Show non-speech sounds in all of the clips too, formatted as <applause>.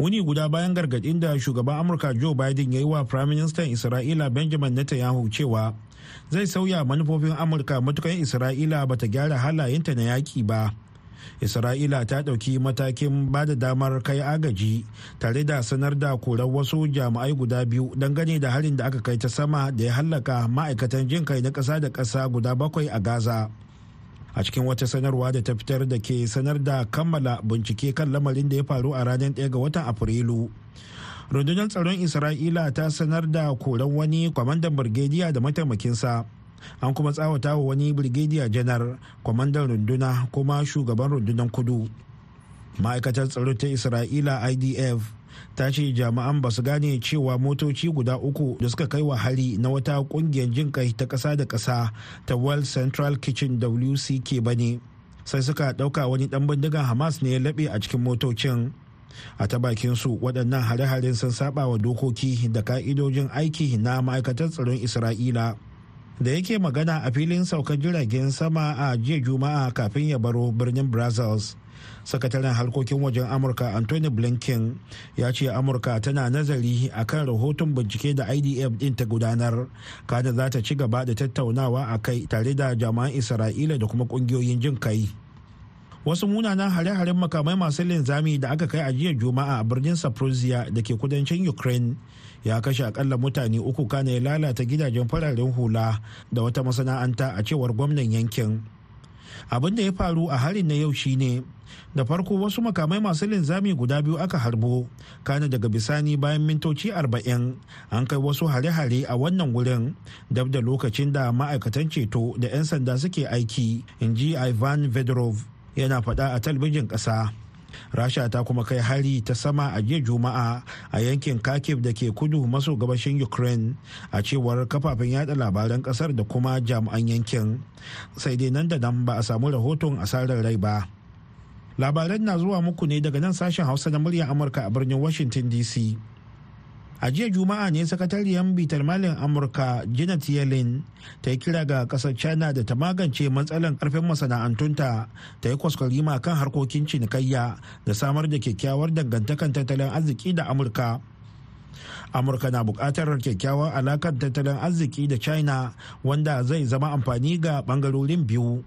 wuni guda bayan gargadin da shugaban amurka joe biden ya yi wa firaministan isra'ila benjamin netanyahu cewa zai sauya manufofin amurka matukan isra'ila ba ta gyara halayenta na yaki ba isra'ila ta ɗauki matakin ba da damar kai agaji tare da sanar da korar wasu jami'ai guda biyu dangane da harin da aka kai ta sama da ya hallaka ma'aikatan jin kai na ƙasa da ƙasa guda bakwai a gaza a cikin wata sanarwa da ta fitar da ke sanar da kammala bincike kan lamarin da ya faru a ranar 1 ga watan afrilu rundunar tsaron isra'ila ta sanar da koran wani kwamandan birgediya da mataimakinsa an kuma tsawata wa wani birgediya janar kwamandan runduna kuma shugaban rundunar kudu ma'aikatar tsaro ta isra'ila idf ta ce jami'an ba su gane cewa motoci guda uku da suka kai wa hari na wata kungiyar jin kai ta kasa da kasa ta world central kitchen wck ba ne sai suka ɗauka wani ɗan bindigan hamas ne ya laɓe a cikin motocin a ta bakin su waɗannan hare-haren sun saba wa dokoki da ka'idojin aiki na ma'aikatar tsaron isra'ila da yake magana a filin saukar jiragen sama a jiya juma'a kafin ya baro birnin brazils sakataren harkokin wajen amurka anthony blinken ya ce amurka tana nazari a kan rahoton bincike da idf din ta gudanar kada za ta ci gaba da tattaunawa a kai tare da jama'an isra'ila da kuma kungiyoyin jin kai wasu munanan hare-haren makamai masu linzami da aka kai a jiya juma'a a birnin saprosia da ke kudancin ukraine ya kashe akalla mutane uku kana ya lalata gidajen fararen hula da wata masana'anta a cewar gwamnan yankin abin da ya faru a harin na yau shine da farko wasu makamai masu linzami guda biyu aka harbo kana daga bisani bayan mintoci 40 an kai wasu hare-hare a wannan wurin dab da lokacin da ma'aikatan ceto da 'yan sanda suke aiki in ji ivan vedrov yana faɗa a talbijin ƙasa rasha ta kuma kai hari ta sama a jiya juma'a a yankin kharkiv da ke kudu maso gabashin ukraine a cewar kafafen yada labaran kasar da kuma jami'an yankin sai dai nan da nan ba a samu rahoton asarar rai ba labaran na zuwa muku ne daga nan sashen hausa na muryar amurka a birnin washington dc a jiya juma'a ne sakatariyar bitar malin amurka janet yellen ta yi kira ga kasar china da ta magance matsalar karfin masana'antunta ta yi kwaskwarima kan harkokin cinikayya da samar da kyakkyawar dangantakan tattalin arziki da amurka amurka na buƙatar kyakkyawar alakar tattalin arziki da china wanda zai zama amfani ga bangarorin biyu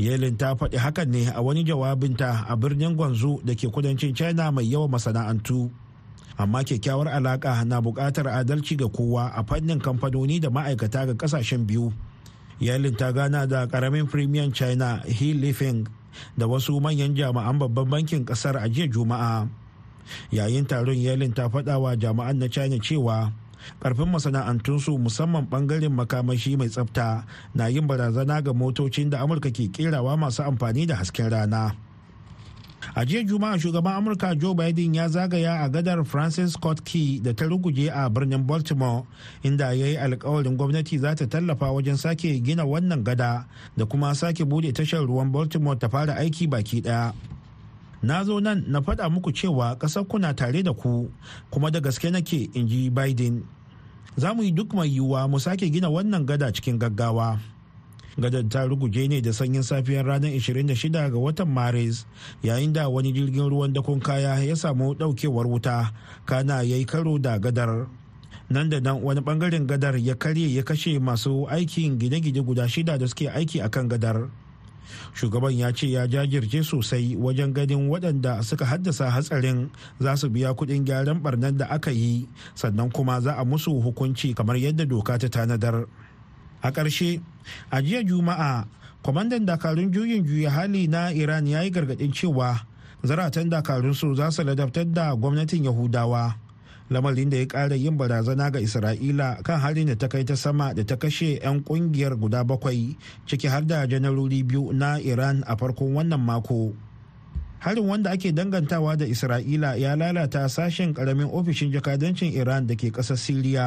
yelin ta faɗi hakan ne a wani jawabinta a birnin gwanzu da ke kudancin china mai yawan masana'antu amma kyakkyawar alaka na buƙatar adalci ga kowa a fannin kamfanoni da ma'aikata ga kasashen biyu yalin ta gana da karamin premium china he lifeng da wasu manyan jami'an babban bankin kasar a jiya juma'a yayin taron yalin ta faɗa wa jami'an na china cewa karfin masana'antunsu musamman bangaren makamashi mai tsafta na yin barazana ga motocin da amurka ke kerawa masu amfani da hasken rana. a jiya juma'a shugaban amurka joe biden ya zagaya a gadar francis scott key da ta ruguje a birnin baltimore inda ya yi alkawarin gwamnati za ta tallafa wajen sake gina wannan gada da kuma sake bude tashar ruwan baltimore ta fara aiki baki daya na zo nan na faɗa muku cewa ƙasar kuna tare da ku kuma da gaske nake in ji biden za mu yi duk mai yiwuwa mu sake gina wannan gada cikin gaggawa gadar ta ruguje ne da sanyin safiyar ranar 26 ga watan maris yayin da wani jirgin ruwan dakon kaya ya samu daukewar wuta kana ya yi karo da gadar nan da nan wani bangaren gadar ya karye ya kashe masu aikin gine-gine guda shida da suke aiki a kan gadar shugaban ya ce ya jajirce sosai wajen ganin waɗanda suka haddasa hatsarin za su biya kuɗin gyaran barnar da aka yi sannan kuma za a musu hukunci kamar yadda doka ta tanadar a ƙarshe a jiya juma'a kwamandan dakarun juyin juya hali na iran ya yi gargaɗin cewa zaratan dakarun su za su ladabtar da gwamnatin yahudawa lamarin da ya ƙara yin barazana ga isra'ila kan halin da ta kai ta sama da ta kashe 'yan ƙungiyar guda bakwai ciki har da janarori biyu na iran a farkon wannan mako harin wanda ake dangantawa da isra'ila ya lalata sashen karamin ofishin jakadancin iran da ke ƙasar siriya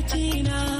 barci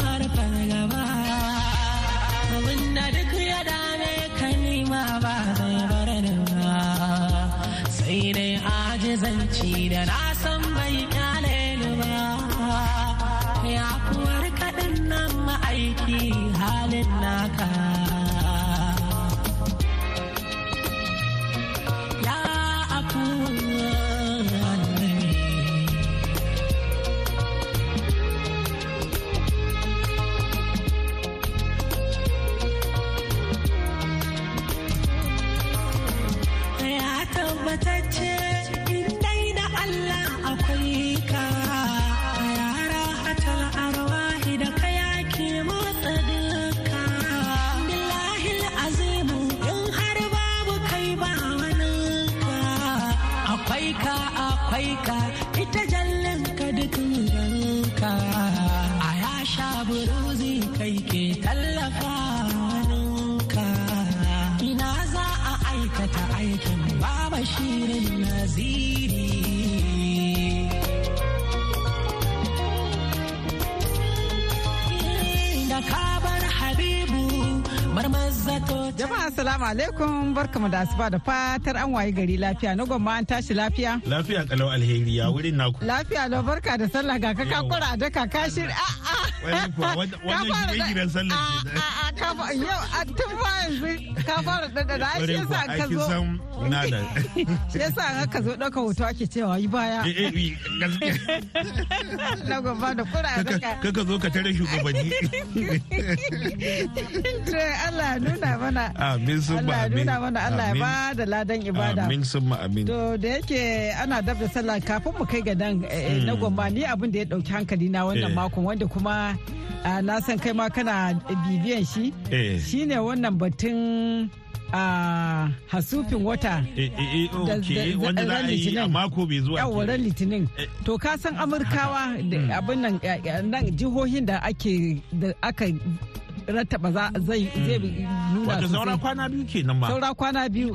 Jama'a salamu alaikum barkamu da asuba da fatar an wayi gari lafiya na gwamma an tashi lafiya. Lafiya kalau alheri ya wurin naku. Lafiya lo barka da sallah ga ka kakura ah, ah, ah. da ka a a Wani kuwa wannan gidan sallah ke kafa yau a tun ba yanzu ka fara ɗanɗana da <laughs> shi yasa ka zo shi yasa ka zo ɗauka hoto ake cewa yi baya eh, eh, eh, <laughs> na gaba da kura kaka zo ka tare shugabanni <laughs> to Allah nuna mana amin sun ba amin nuna mana Allah ya ba da ladan ibada amin sun ma amin to da yake ana dab da sallah kafin mu kai ga nan na mm. gomba ni abin da ya ɗauki hankali na wannan makon wanda kuma Ah, na san kai ma kana bibiyan shi eh. shi ne wannan batun a ah, hasufin wata eh, eh, wanda za a yi a mako mai zuwa yawon litinin to ka san amurkawa da hmm. abin nan jihohin da ake rattaba hmm. zai nuna su saura kwana biyu kenan ma. Saura kwana biyu.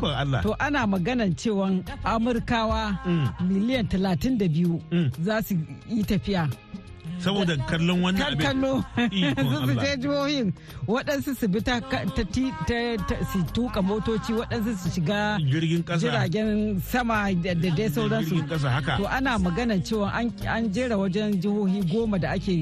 To ana maganan cewa Amurkawa hmm. miliyan talatin da biyu za su yi tafiya. saboda kallon wannan abin kallo su je jihohin waɗansu su bi ta su tuka motoci waɗansu su shiga jirgin kasa jiragen sama da dai sauransu to ana magana cewa an jera wajen jihohi goma da ake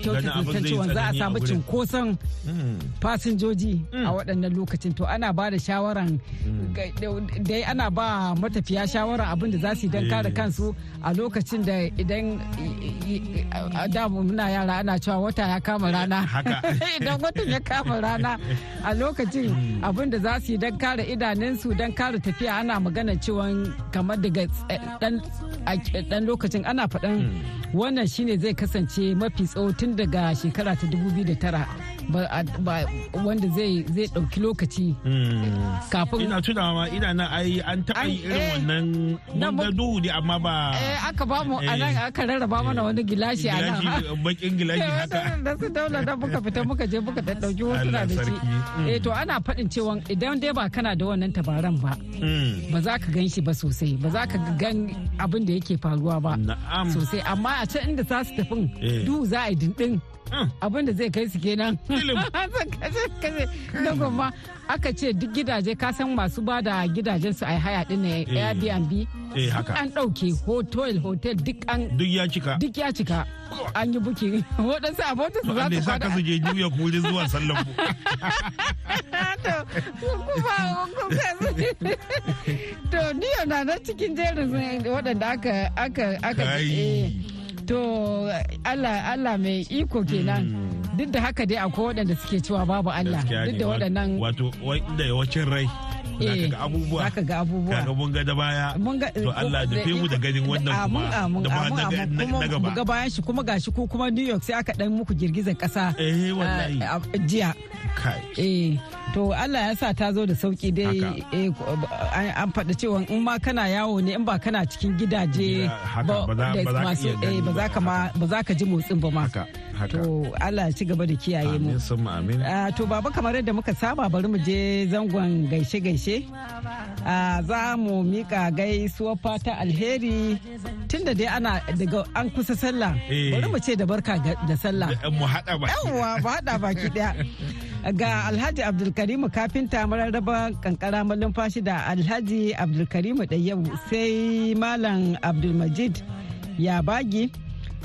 kyautata san cewa za a samu cinkoson hmm. fasinjoji a hmm. waɗannan lokacin to ana ba da shawaran hmm. dai ana ba matafiya shawaran abinda da za su yi don kare kansu a lokacin da idan damu muna yara ana cewa wata ya kama eh, rana <laughs> idan watan ya kama rana a lokacin abinda da za su yi don kare idanunsu don kare tafiya ana magana cewa kamar daga eh, a dan lokacin ana faɗan hmm. wannan shine zai kasance mafi tsawo tun daga shekara ta 2009 wanda zai zai dauki lokaci hmm. kafin ina tunawa ma ina na ai an taɓa yi irin eh. wannan mun ga duhu ne amma ba eh aka ba mu nan eh. aka rarraba mana wani gilashi a nan bakin gilashi eh, haka <laughs> da su daula da muka fita muka je muka dan dauki hotuna da shi hmm. eh to ana faɗin cewa idan dai ba kana da wannan tabaran ba hmm. ba za ka gan shi ba sosai ba za ka gan abin da yake faruwa ba sosai amma a can inda za su tafin duhu za a yi dindin abin da zai kai su kenan <laughs> na goma aka ce duk gidaje ka san masu ba da gidajen su a haya din na eh. airbnb eh, an ɗauke hotel hotel duk an duk ya cika duk ya cika an yi buki <laughs> waɗansu abota su za su kwada su je juya ku wurin zuwa sallan ku <laughs> to ni na cikin jerin waɗanda aka aka aka to Allah mai iko kenan hmm. duk da haka dai akwai waɗanda suke cewa babu Allah duk da waɗannan wato da yawancin rai zaka eh, ga abubuwa zaka ga abubuwa kaga mun ga da baya to Allah da eh, mu da ganin eh, wannan kuma da ba na gaba ga bayan shi kuma gashi ko kuma New York sai aka dan muku girgizar kasa eh ah, wallahi ah, jiya eh to Allah ya sa ta zo da sauki dai an faɗa cewa in ma kana yawo ne in ba kana cikin gidaje ba za ka ji motsin ba ma to Allah ci gaba da kiyaye mu amin ah, to baba kamar yadda muka saba bari mu je zangon gaishe gaishe za mu mika gaisuwar fata alheri tunda dai ana daga an kusa sallah eh. bari mu ce da barka da sallah mu hada baki yawa mu hada baki ɗaya. ga alhaji abdulkarimu kafinta mararraba kankara fashi da alhaji abdulkarimu ɗayyabu sai malam abdulmajid ya bagi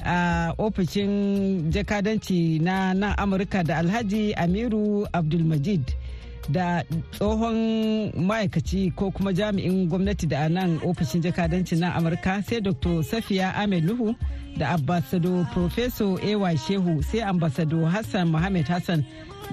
a ofishin jakadanci na nan amurka da alhaji amiru abdulmajid da tsohon ma'aikaci ko kuma jami'in gwamnati da nan ofishin jakadancin nan amurka sai dr safiya ahmed nuhu da ambasado professor Ewa shehu sai ambasado hassan mohammed hassan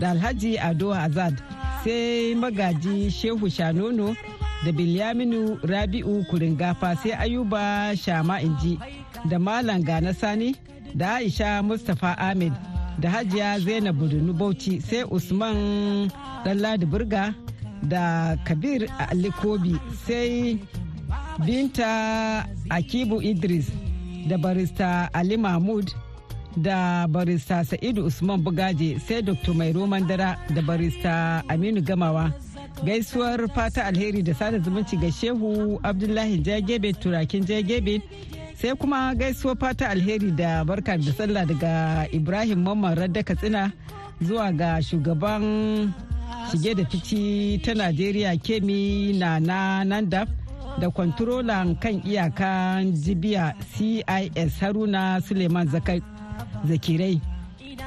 da alhaji ado azad sai magaji shehu shanono da bilyaminu rabi'u kuringafa sai ayuba shama inji da Malam Gana Sani da Aisha Mustapha Ahmed da Hajiya Zainab Budunu Bauchi sai Usman Ɗanladi Burga da Kabir Alikobi sai Binta Akibu Idris da barista Ali Mahmud da barista Sa'idu Usman Bugaje sai Dr. Mai Mandara da barista Aminu Gamawa. Gaisuwar fata alheri da sada zumunci ga Shehu Abdullahi Jagebe Turakin Jagebe sai kuma gaisuwa fata alheri da barka da sallah daga ibrahim mamman radda katsina zuwa ga shugaban shige da fici ta najeriya kemi na nanda da kwantarolan kan iyakan jibiya cis haruna suleiman zakirai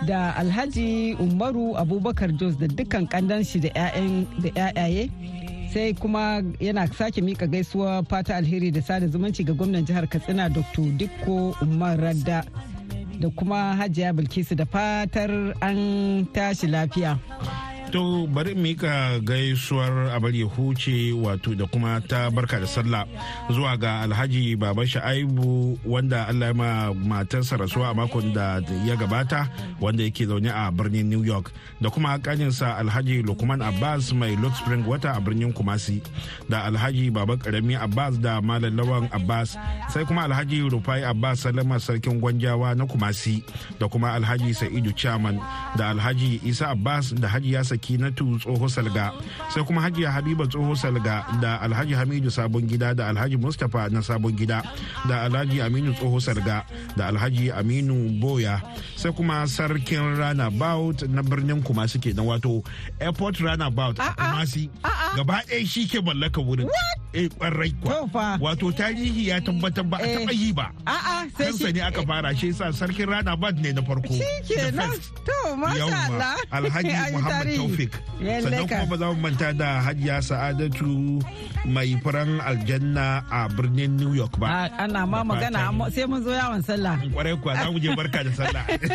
da alhaji umaru abubakar jos da dukkan kandan shi da 'ya'yaye sai kuma yana sake mika gaisuwa fata alheri da sada zumunci ga gwamnan jihar katsina dr dikko umar radda da kuma hajiya bilkisu da fatar an tashi lafiya to bari ka gaisuwar abar ya huce wato da kuma ta barka da sallah zuwa ga alhaji baba sha'aibu wanda allah ma matarsa rasuwa a makon da ya gabata wanda yake zaune a birnin new york da kuma kaninsa alhaji lukman abbas mai lux spring wata a birnin kumasi da alhaji baba karami abbas da malallawan abbas sai kuma alhaji rufai abbas salama sarkin gwanjawa na kumasi da kuma alhaji sa'idu chairman da alhaji isa abbas da hajiya saki tu tsoho salga sai kuma hajiya habiba tsoho salga da alhaji hamidu sabon gida da alhaji mustapha na sabon gida da alhaji aminu tsoho salga da alhaji aminu boya sai kuma sarkin runabout na birnin kumasi ke na wato airport runabout a kumasi gaba ɗaya shi ke mallaka wurin eh kwarai kwa wato tarihi ya tabbatar ba a taɓa eh. yi ba a'a sai shi ne aka fara shi yasa sarkin runabout ne na farko shikenan to masha Allah Alhaji <laughs> Muhammad Taufik sannan kuma ba za mu manta da Hajiya Sa'adatu mai furan aljanna a birnin New York ba ana ma magana sai mun zo yawon sallah kwarai kwa za mu je barka da sallah <laughs>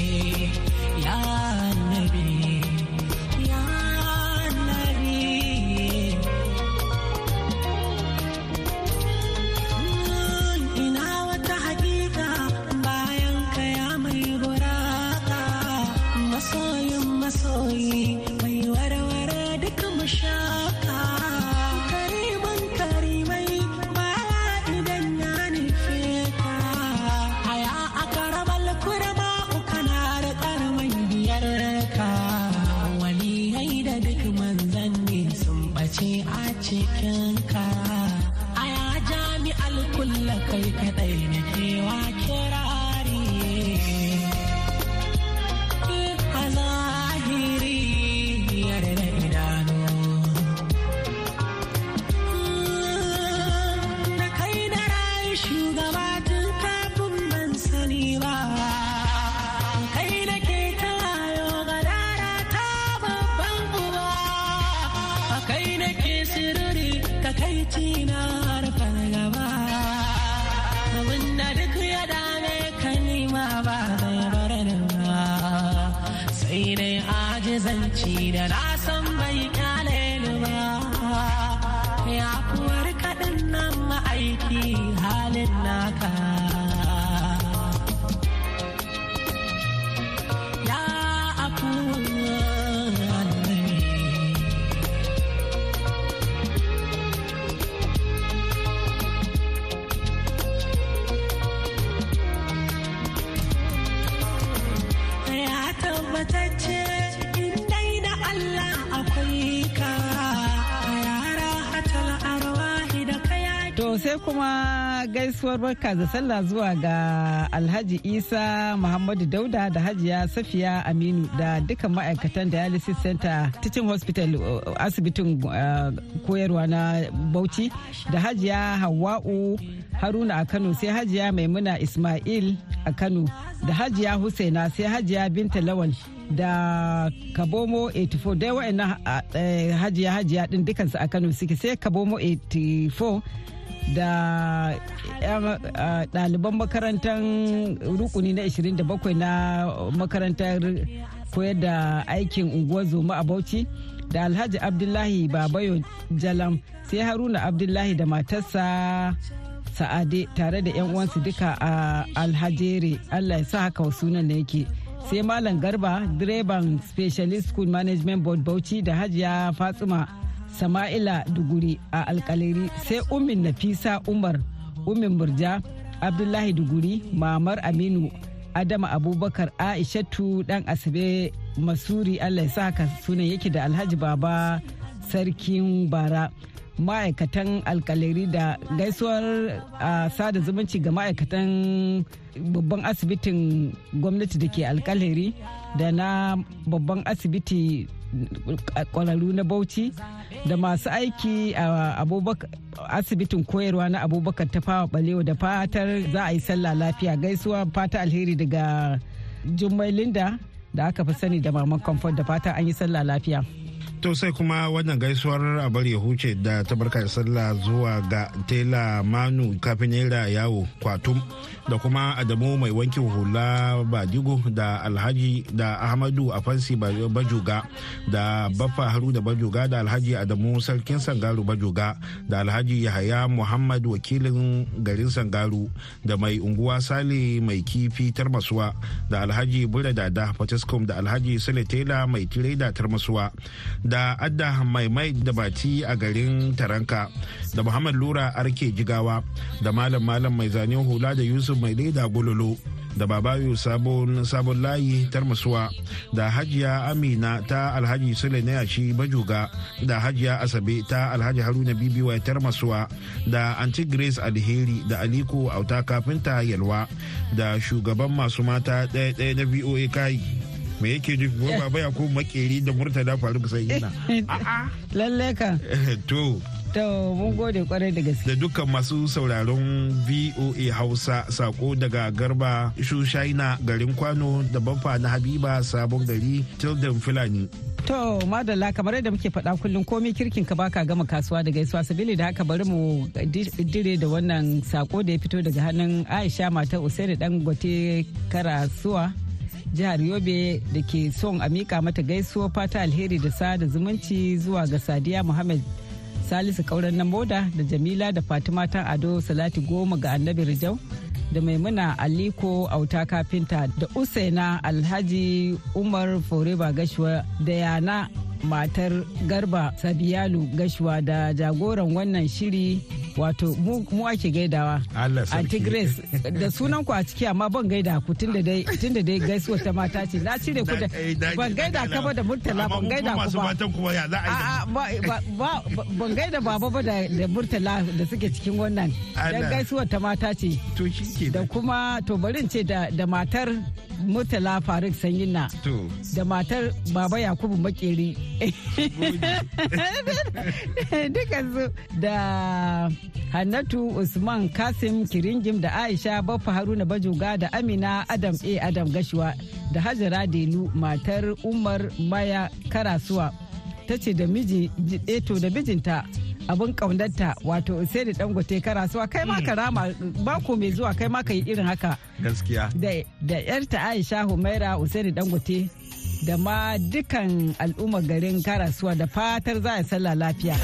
lokaci da na sai kuma gaisuwar barka da sallah zuwa ga Alhaji Isa Muhammadu Dauda da Hajiya Safiya Aminu da duka ma'aikatan dialysis center teaching hospital uh, asibitin uh, koyarwa na Bauchi da Hajiya Hawa'u Haruna a Kano sai Hajiya Maimuna Ismail a Kano da Hajiya Husaina sai Hajiya Binta Lawal da kabomo 84 dai wa'annan uh, eh, hajiya hajiya din dukansu a kano suke sai kabomo 84 da eh, eh, ɗaliban makarantar rukuni na 27 na makarantar koyar da aikin unguwar zoma a bauchi da alhaji abdullahi babayo jalam sai haruna abdullahi da matarsa sa'ade tare da 'yan uwansu duka a alhajere allah ya sa haka sunan da yake sai malam garba direban specialist school management board bauchi da hajiya fatsuma sama'ila duguri a alkaliri sai umin nafisa umar umin murja abdullahi duguri mamar aminu adama abubakar aishatu dan asabe masuri allah ya haka sunan yake da alhaji baba sarkin bara ma'aikatan alkalari da gaisuwar sada zumunci ga ma'aikatan babban asibitin gwamnati da ke alkalari da na babban asibiti kwararru na bauchi da masu aiki a asibitin koyarwa na abubakar ta fawa balewa da fatar za a yi sallah lafiya gaisuwa fata alheri daga jummai linda da aka fi sani da maman comfort da fata an yi sallah lafiya To sai kuma wannan gaisuwar abar ya huce da tabarkar sallah zuwa ga tela manu kafin kafinera yawo kwatum da kuma adamu mai wankin hula badigo da alhaji da ahmadu afansi bajuga da baffa haruna bajuga da alhaji adamu sarkin sangaru bajuga da alhaji yahaya muhammad wakilin garin sangaru da mai unguwa sale mai kifi tarmasuwa da alhaji bura da da alhaji sule tela mai tireda tarmasuwa da adda maimai da baci a garin taranka da muhammad lura arke jigawa da malam malam mai zane hula da yusuf mai da gololo da babayu sabon sabon layi tarmasuwa da hajiya amina ta alhaji sule na yashi bajuga da hajiya asabe ta alhaji haruna bibiwa tarmasuwa da anti grace alheri da aliko auta kafinta yalwa da shugaban masu mata ɗaya ɗaya na voa kai me yake duk ba ba ya ko makeri da murtala faruk sai yana <laughs> a'a lalle ka eh, to to mun gode kwarai da gaske da dukkan masu sauraron VOA Hausa sako daga Garba Shushaina garin Kwano da Baffa na Habiba Sabon Gari Tilden Fulani To madalla kamar yadda muke faɗa kullum komai kirkin ka baka gama kasuwa da gaisuwa sabili da haka bari mu dire da wannan sako da ya fito daga hannun Aisha matar Usaini gote Karasuwa jihar yobe da ke son a mika mata gaisuwa fata alheri da sada zumunci zuwa ga sadiya muhammad salisu kauran na moda da jamila da fatima ta ado salati goma ga annabi rijau da maimuna aliko auta kafinta da usaina alhaji umar foreba gashuwa da yana matar garba sabiyalu gashuwa da jagoran wannan shiri wato mu ake gaidawa anti grace da sunan ku a ciki amma ban gaida ku tun da dai gaisuwa ta mata ce na cire ku da ban gaida ka ba da murtala ban gaida ku ba ban gaida baba ba da murtala da suke cikin wannan dan gaisuwa ta mata ce da kuma to barin ce da matar Murtala Faruk Sanyina da matar Baba Yakubu Makeri. <laughs> Dukansu da Hannatu Usman Kasim Kiringim da Aisha Baffa Haruna Bajoga da Amina Adam A. Adam Gashuwa da Hajara Delu matar Umar Maya Karasuwa ta ce da eh mijinta abin kaunarta wato da Dangote karasuwa kai ma hmm. ka rama bako mai zuwa kai ma ka yi irin haka. Gaskiya. Da yarta Aisha Humaira Usaini Dangote da ma dukan al'ummar garin karasuwa da fatar za a sallah lafiya.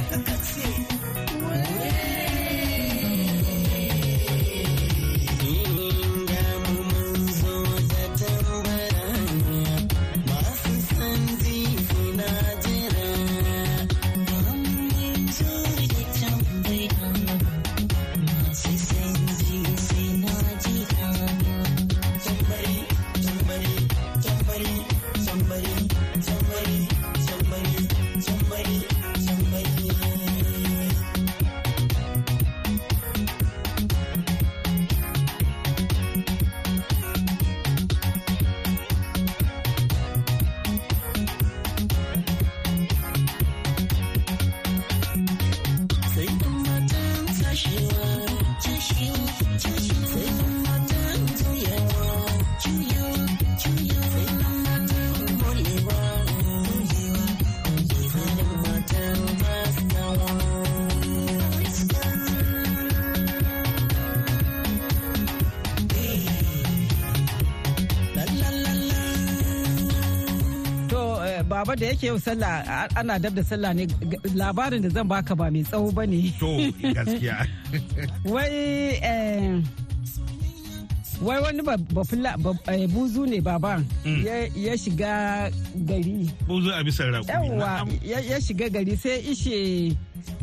baba da yake yau sallah ana dab da sallah ne labarin da zan baka ba mai tsawo ba ne. To gaskiya. <laughs> Wai eh, wai wani eh, buzu ne baba mm. ya shiga gari. Buzu a bisa Yawwa ya shiga gari sai ishe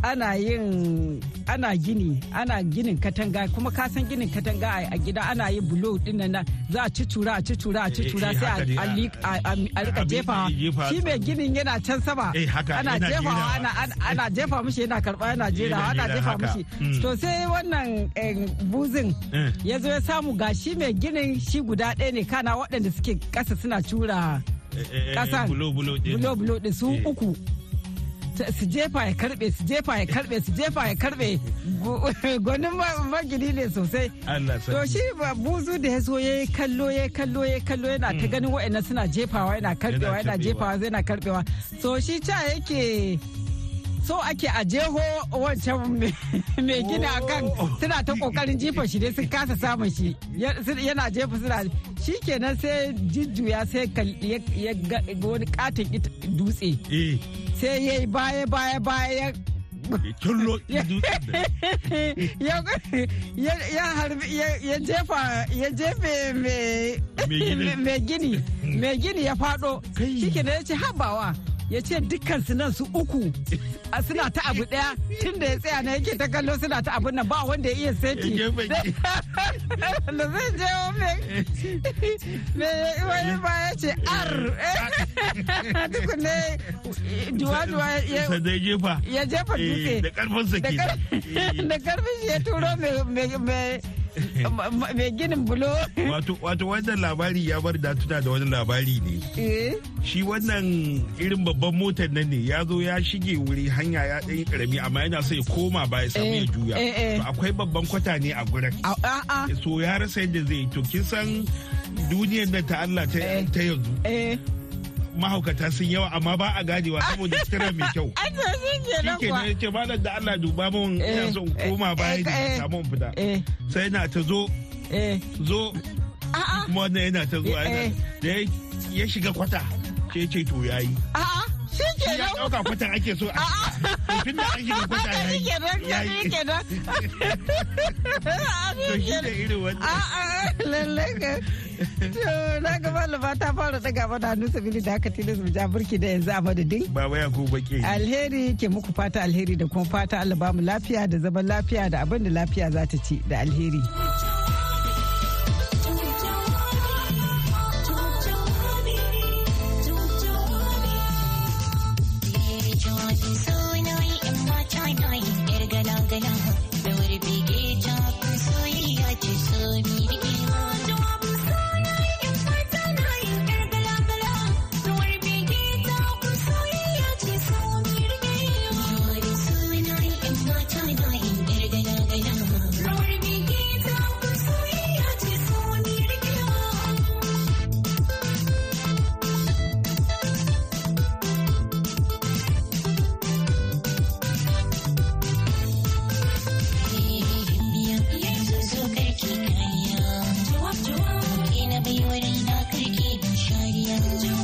ana yin ana gini ana ginin katanga kuma ka san ginin katanga a gida ana yin bulo din nan za a ci tura a ci tura a ci tura eh, eh, sai a rika jefa shi mai ginin yana can sama eh, ana jefa ana jefa mushi yana karba yana jera ana jefa mushi hmm. to sai wannan buzin ya zo ya samu ga shi mai ginin shi guda ɗaya ne kana waɗanda suke ƙasa suna tura ƙasan bulo bulo din su uku su jefa ya karbe su jefa ya karbe su jefa ya karbe <laughs> gwanin magini ne sosai to shi ba buzu da ya zo ya kallo ya kallo ya kallo yana ta hmm. ganin wa'ina suna jefawa yana karbewa yana jefawa zai yana karbewa so shi ca yake so ake a jeho wancan mai gina kan oh. suna ta kokarin jifa shi dai sun kasa samun shi yana jefa suna shi kenan sai jujjuya sai ya wani ita dutse eh. sai ya yi baya baya baya ya <laughs> jefa ya jefe mai gini mai gini ya fado shi kenan ya ce habawa ya ce dukkan su nan su uku a suna ta abu daya tun da ya tsaya na yake ta kallo suna ta abun nan ba wanda ya iya seti <laughs> da zai je me wani ba ya ce ar ne duwa-duwa ya jefa dutse eh, da karfin <laughs> shi ya turo mai mai ginin bulo wato wannan labari ya bar da tuna da wani labari ne eh. shi wannan irin babban motar nan ne ya zo ya shige wuri hanya ya ɗan yi karami amma yana so ya koma baya samu ya eh, juya eh, akwai babban kwata ne a gurin so ya rasa yadda zai to kin san duniyar da ta Allah ta yanzu mahaukata sun yawa amma ba a wa saboda sira mai kyau. Shike ne ke malam da Allah duba mun ina eh, son koma eh, baya da eh, samu fita. Sai na ta zo. Zo. Kuma wannan yana ta zo da ya shiga kwata. Ke ce to yayi. A'a. shi ke nan. Ya ɗauka kwatan ake so. A'a. Tun da ake kwata ya yi. Shi ke nan, shi ke nan. <laughs> To shi da irin wannan. lallai ka. To, na ga malama ta fara daga mana hannu sabili da aka tilas mu ja burki da yanzu a madadin. Baba ya ko ke. Alheri ke muku fata alheri da kuma fata Allah ba mu lafiya da zaman lafiya da abin da lafiya za ta ci da alheri. change you.